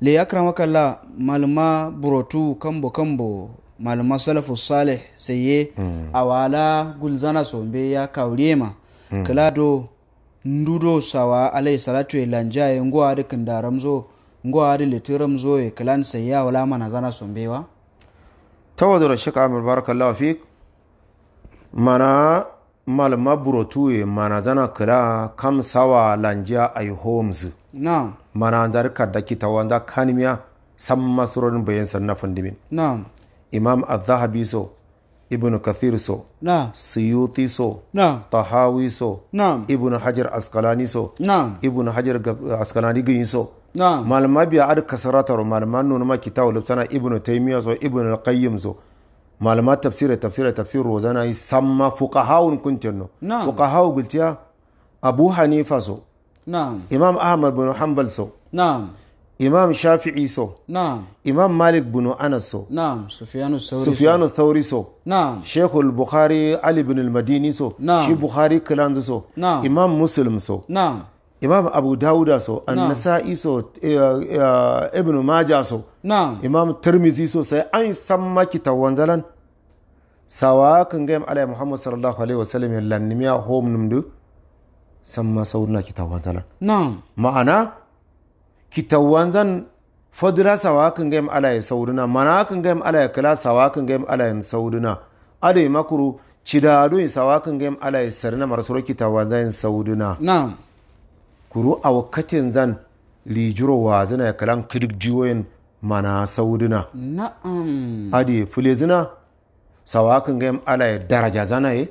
le ya kira makalla malama burotu kambo kambo malama salafu salih saye a hmm. awala gulzana sombe ya ma mm. do ndudo sawa alai salatu ya e lanja ya e nguwa da kinda ramzo nguwa da leti ramzo ya e kalan saye awala mana zana sombewa tawadu shika amir kamar barakallahu fik mana malama burotu mana zana kila kam sawa lanja ay homes na'am mana kada karda kitawan da kanimiya samma surorin bayan sanna fundimin na'am imam az-zahabi so ibn kathir so na'am suyuti so na'am tahawi so na'am ibn hajar askalani so na'am ibn hajar eh, askalani gini so na'am malama biya ad kasaratar malama nuna ma kitabu lubsana ibn taymiya so ibn al-qayyim so malama tafsira tafsira tafsir rozana yi samma fuqahawun kuntinno fuqahawu gultiya abu hanifa so imam ahmad bin hanbal sau imam shafi'i sau imam malik bin anas so. sau sufyanu thauri sau shekul bukhari ali bin al-madini sau shi bukhari so. sau imam muslim sau imam abu dawuda so annasa'i so eh, eh, ibn maja so imam tirmizi so sai an samaki maki tawanzalan sawa kan gaim alai muhammad sallallahu alaihi wasallam ya lannimiya hom numdu samma saurna kitawwanzalan na'am ma'ana zan fadira sawa kan gaim alaye sauruna mana kan gaim alaye kala sawa kan gaim alaye sauruna yi makuru cidadu sawa kan gaim alaye sarna marsuro kitawwanzan sauruna na'am kuru a wakatin zan lijiro wa zina kalan kidik jiwoyin mana sauduna na'am yi fule zina sawa kan gaim alaye daraja zana ye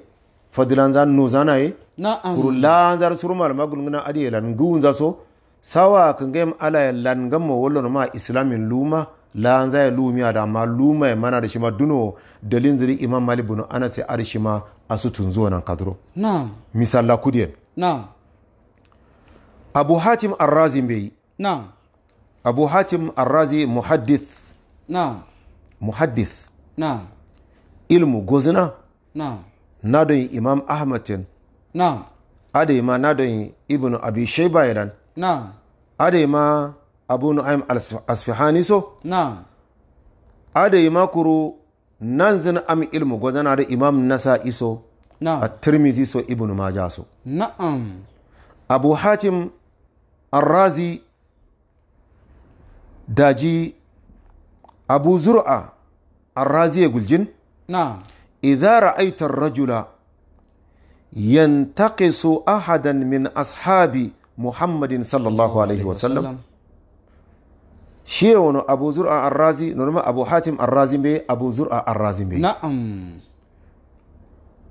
fadilan zan no zana ye kuru lanzar surmal magungunan adiye langun zaso sawa kan gem ala ya langan ma wallon ma islamin luma lanza ya lumi da ma luma ya mana da shima duno dalin zuri imam mali bunu ana sai ar shima asu tunzo nan kadro na'am misalla kudiyan na'am abu hatim arrazi bai na'am abu hatim arrazi muhaddith na'am muhaddith na'am ilmu gozina na'am na don imam ahmadin na'am ade ma na don ibn abi shayba yaran na'am ade ma abu nu'aym asfihani so na'am ade ma kuru nan zan am ilmu gwazana da imam nasa iso na'am a tirmidhi so ibn majah so na'am abu hatim arrazi daji abu zur'a arrazi guljin na'am idara aitar rajula yantaqisu ahadan min ashabi muhammadin sallallahu alaihi wasallam shi wani abu zur'a arrazi normal abu hatim arrazi bai abu zur'a arrazi bai na'am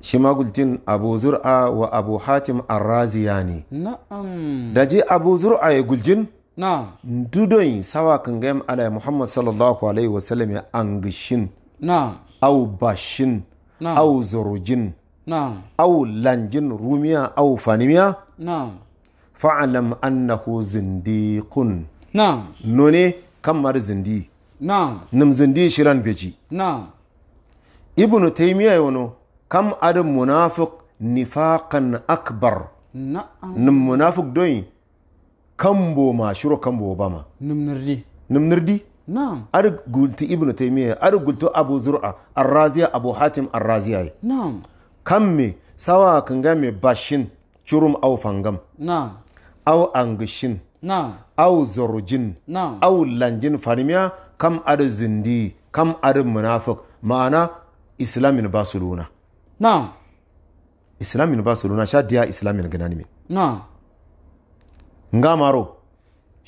shi magultin abu zur'a wa abu hatim arrazi ya ne na'am da je abu zur'a ya guljin na'am dudon sawa kan gayam ala muhammad sallallahu alaihi wasallam ya angishin na'am au bashin au zurujin au lanjin rumiya au fanimiya fa'alam annahu zindiqun none kammar zindi nim zindi shiran beji ibnu taymiya yono kam ad munafuk nifakan akbar nim munafiq doyi kambo ma shiro kambo obama nim nirdi nim nirdi na'am ar gulti ibnu taymiya ar abu zur'a ar abu hatim ar-raziya kan me sawa kan ga me bashin curum au fangam au angishin au zorujin au lanjin farmiya kam ar zindi kam ar munafiq ma'ana islamin basuluna na'am islamin basuluna sha diya islamin ganani min nga ngamaro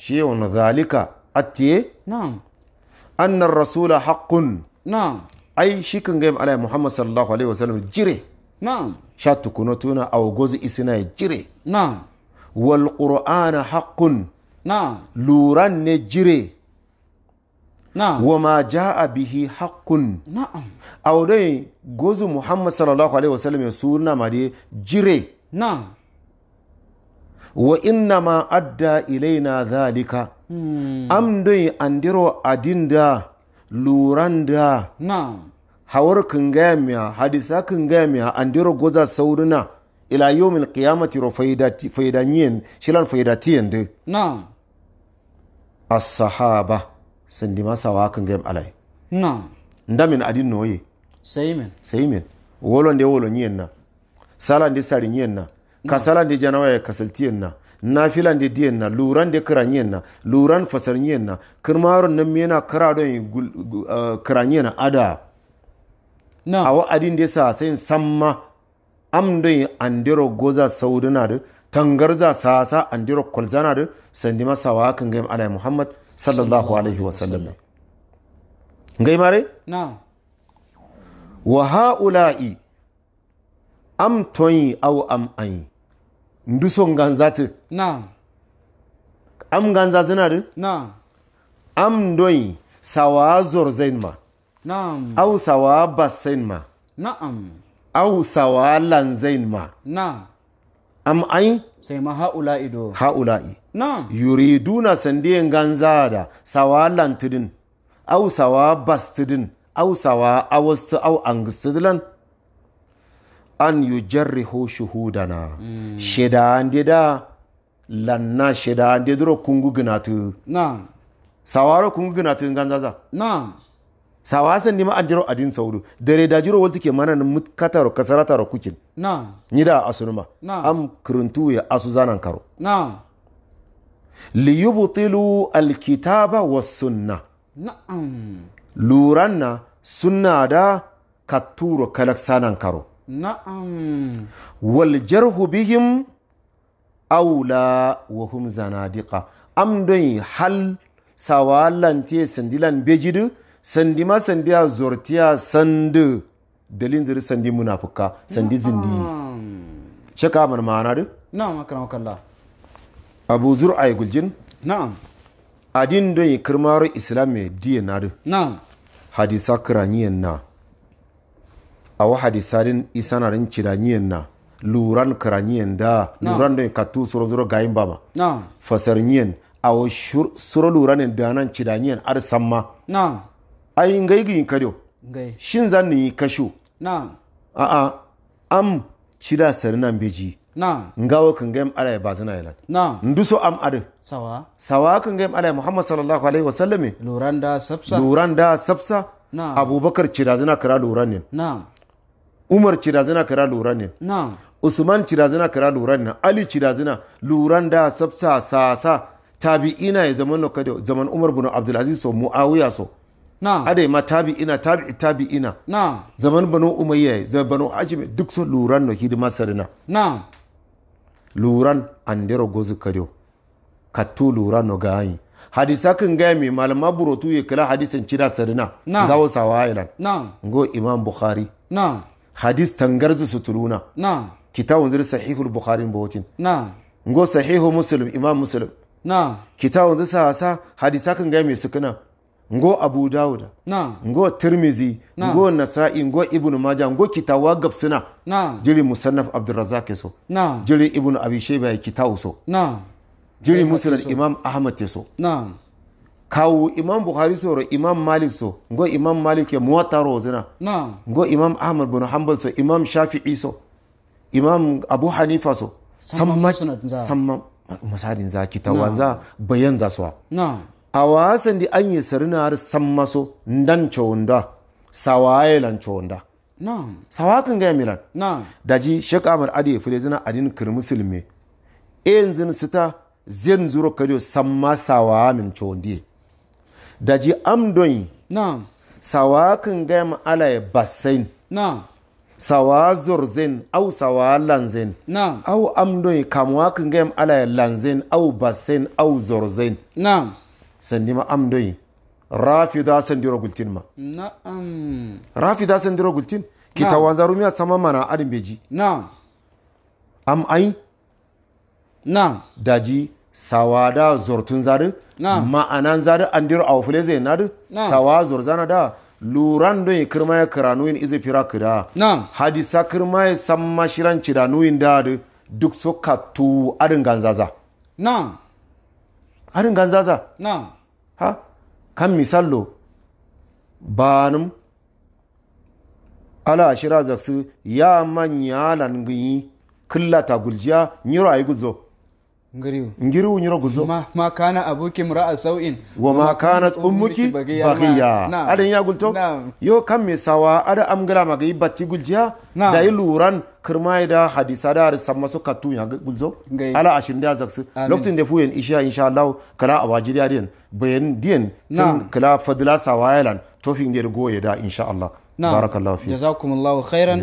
shi wani zalika atiye na'am anna rasula haqqun na'am ai shi kan ga muhammad sallallahu alaihi wasallam jire sha tukuna tuna a gozi isina ya jire wal qur'ana haqqun luran ne jire wa ma ja a bihi haqqun A awde gozu Muhammadu sallallahu alaihi wasallam ya suna ma de jire na'am wa inna ma adda ilaina zalika. Hmm. Amdoyi andiro adinda luranda na'am hawar miya hadisa an andiro goza sauruna ila min kiyamati ro faidanyen shilan faidati de na. a sahaba sawa masawa gaya alai nda min adin noye saymen saymen wolon de wolon nyen na sala nde yi nyen na salan nde janawa kasaltiyen na filan nde diyen na luran de kira nyen na luran fasar nyen na kirmaro nan mena kira don uh, kira nyen ada awo wa'adin da sa sai samma am do andiro goza sauduna de tangarza sa andiro kolzana sandi sandima sawa kan gaim alai muhammad sallallahu alaihi wa sallam ngai mare na wa haula'i am toyi aw am ayi nduso nganzati na am ganza da na am doyi sawa zor zain ma na'am au sawa basain ma na'am au sawa lanzain ma na'am am ai sai ma haula ido haula'i na'am yuriduna sandiyan ganzada sawa lantudin. au sawa bastudin. au sawa awastu au angstidlan an yujarrihu shuhudana mm. sheda andida lanna sheda andidro kungu gnatu na'am sawaro kungu gnatu ganzaza na'am sawasan ma andiro adin saudu dare da jiro wonti ke manan kasarata ro kukin na da asunuma am kruntu ya asu zanan karo na li yubtilu alkitaba was sunna na'am luranna sunna da katturo kalaksanan karo na'am wal jarhu bihim aula wa hum zanadiqa am don hal te sandilan bejidu sandi ma sandi a zortiya sandi dalin ziri sandi munafuka sandi zindi shaka man ma'ana du na'am akram kallah abu zur ay guljin na'am adin don yi kirmaro islam me diye na du na'am hadisa kiraniyen na awa hadisarin isanarin kiraniyen na luran kiraniyen da luran don yi katu suro zoro gayin bama na'am fasarniyen awo suro luran da nan kiraniyen ar samma na'am ai ngai gi kado ngai shin zan ni kasho na'am a a am shida sarina beji na'am ngawo kan game ala ba zana yalan na'am nduso am ade sawa sawa kan game ala muhammad sallallahu alaihi wasallam luranda sapsa luranda sapsa na'am abubakar chira zana kara luran na'am umar chira zana kara luran na'am usman chira zana kara luran ali chira zana luran da sasa tabi'ina ya zaman lokado zaman umar bin aziz so muawiya so ada ma tabi ina tabi tabi ina zaman bano umayya zaman bano hashim duk so luran no hidima sarina luran andero gozu kadio kattu luran no gayi hadisa kan gaya mai malama burotu ya kula hadisan cira sarina ga wasa na. go imam bukhari hadis tangarzu suturuna kitabun zir sahihul bukhari bawacin go sahihu muslim imam muslim kitabun zir sahasa hadisa kan gaya mai sukuna ngo abu dawuda ngo tirmizi ngo nasa'i ngo ibn maja ngo kitawa gabsina jiri musannaf abdurrazzaq so jiri ibn abi shayba kitawu so jiri musnad imam ahmad te so kawo imam bukhari soro imam malik so ngo imam malik ya muwatta rozina ngo imam ahmad bin hanbal so imam shafi'i so imam abu hanifa so samma samma masadin za kitawa za bayan za so a wasan awasendi anye serina san sammaso ndan chonda sawaye lan chonda na'am sawakin ga milan na'am daji shek amar adi fule zina adin kir musulmi zin sita zin zuro kadio samma sawa min chondi daji amdon na'am sawakin ga ma alaye basain na'am sawa zin au sawa lanzen na'am au amdon kamwakin ga ma lan zin au bassain au zin na'am sandi ma am doyi rafida sandiro gultin ma na'am rafida sandiro gultin ki tawanza rumiya sama mana adin beji na'am am ai na'am daji sawada zortun zadi ma'anan zadi andiro awfule zai nadi sawa zorzana da luran doyi kirma ya kira nuyin izi fira hadisa kirma ya san mashiranci da nuyin da duk so katu adin ganzaza na'am harin ganzaza na ha kan misallo banum ala shira zaksu ya manya langiyi killa ta guljiya nyiro ayi gudzo ngiriwu guzo ma kana abuki mura'a sau'in wa ma kanat ummuki baghiya ada ya gulto yo kan me sawa ada amgara gai batti guljiya da yi luran kirmai da hadisa da harsan masu katu ya gulzo ala ashirin da zaksu lokacin da fuyen isha insha Allah kala awajiriya din bayan diyan tun kala fadila sawayalan tofin da goye da insha Allah barakallahu fi jazakumullahu khairan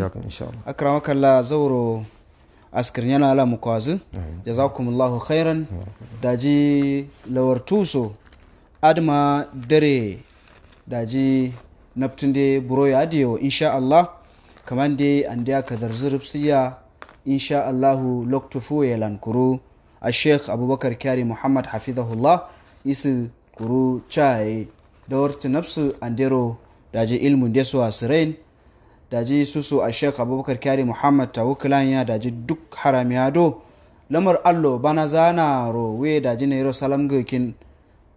akramakallah zauro askirin yana ala mu ku jazakumullahu khairan daji tuso adma dare daji buro ya adiyo insha Allah kamar da an da ka insha Allahu loktufu ya lankuru a sheikh abubakar kyari muhammad hafizahullah isi kuru chai da wartu nafsu andero daji ilmun desu sirain daji susu a shek abubakar kyari muhammad wukilan ya daji duk do lamar allo bana zana rowe daji na salam gokin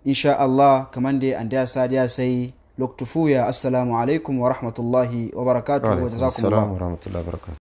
insha allah kamar da an da ya sai loktufu ya assalamu alaikum wa rahmatullahi wa barakatuhu wa jazakumullah